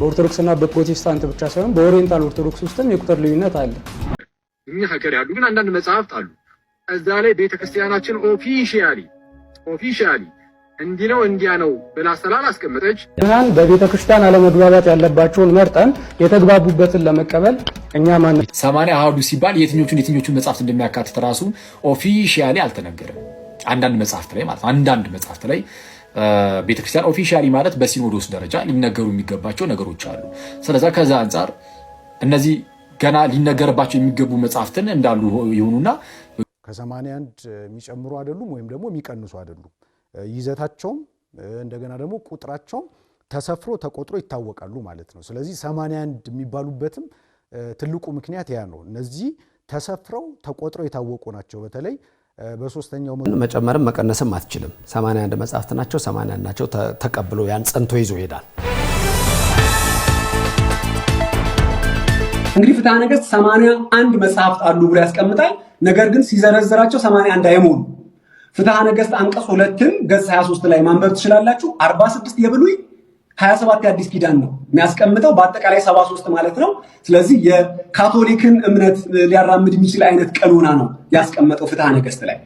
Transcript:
በኦርቶዶክስና በፕሮቴስታንት ብቻ ሳይሆን በኦሪየንታል ኦርቶዶክስ ውስጥም የቁጥር ልዩነት አለ። እኚህ ሀገር ያሉ ግን አንዳንድ መጽሐፍት አሉ። እዛ ላይ ቤተክርስቲያናችን ኦፊሻሊ ኦፊሻሊ እንዲህ ነው እንዲያ ነው ብላ ስላላስቀመጠች ምናን በቤተክርስቲያን አለመግባባት ያለባቸውን መርጠን የተግባቡበትን ለመቀበል እኛ ማን ሰማንያ አሐዱ ሲባል የትኞቹን የትኞቹን መጽሐፍት እንደሚያካትት ራሱ ኦፊሻሊ አልተነገረም። አንዳንድ መጽሐፍት ላይ ማለት አንዳንድ መጽሐፍት ላይ ቤተክርስቲያን ኦፊሻሊ ማለት በሲኖዶስ ደረጃ ሊነገሩ የሚገባቸው ነገሮች አሉ። ስለዛ ከዛ አንጻር እነዚህ ገና ሊነገርባቸው የሚገቡ መጽሐፍትን እንዳሉ የሆኑና ከሰማንያ አንድ የሚጨምሩ አይደሉም ወይም ደግሞ የሚቀንሱ አይደሉም። ይዘታቸውም እንደገና ደግሞ ቁጥራቸውም ተሰፍሮ ተቆጥሮ ይታወቃሉ ማለት ነው። ስለዚህ ሰማንያ አንድ የሚባሉበትም ትልቁ ምክንያት ያ ነው። እነዚህ ተሰፍረው ተቆጥረው የታወቁ ናቸው። በተለይ በሶስተኛው መጨመርም መቀነስም አትችልም። 81 መጽሐፍት ናቸው፣ 81 ናቸው። ተቀብሎ ያን ጸንቶ ይዞ ይሄዳል። እንግዲህ ፍትሐ ነገሥት 81 መጽሐፍት አሉ ብሎ ያስቀምጣል። ነገር ግን ሲዘረዝራቸው 81 አይሞሉ። ፍትሐ ነገሥት አንቀጽ ሁለትም ገጽ 23 ላይ ማንበብ ትችላላችሁ። 46 የብሉይ ሀያ ሰባት የአዲስ ኪዳን ነው የሚያስቀምጠው በአጠቃላይ ሰባ ሶስት ማለት ነው። ስለዚህ የካቶሊክን እምነት ሊያራምድ የሚችል አይነት ቀኖና ነው ያስቀመጠው ፍትሐ ነገስት ላይ።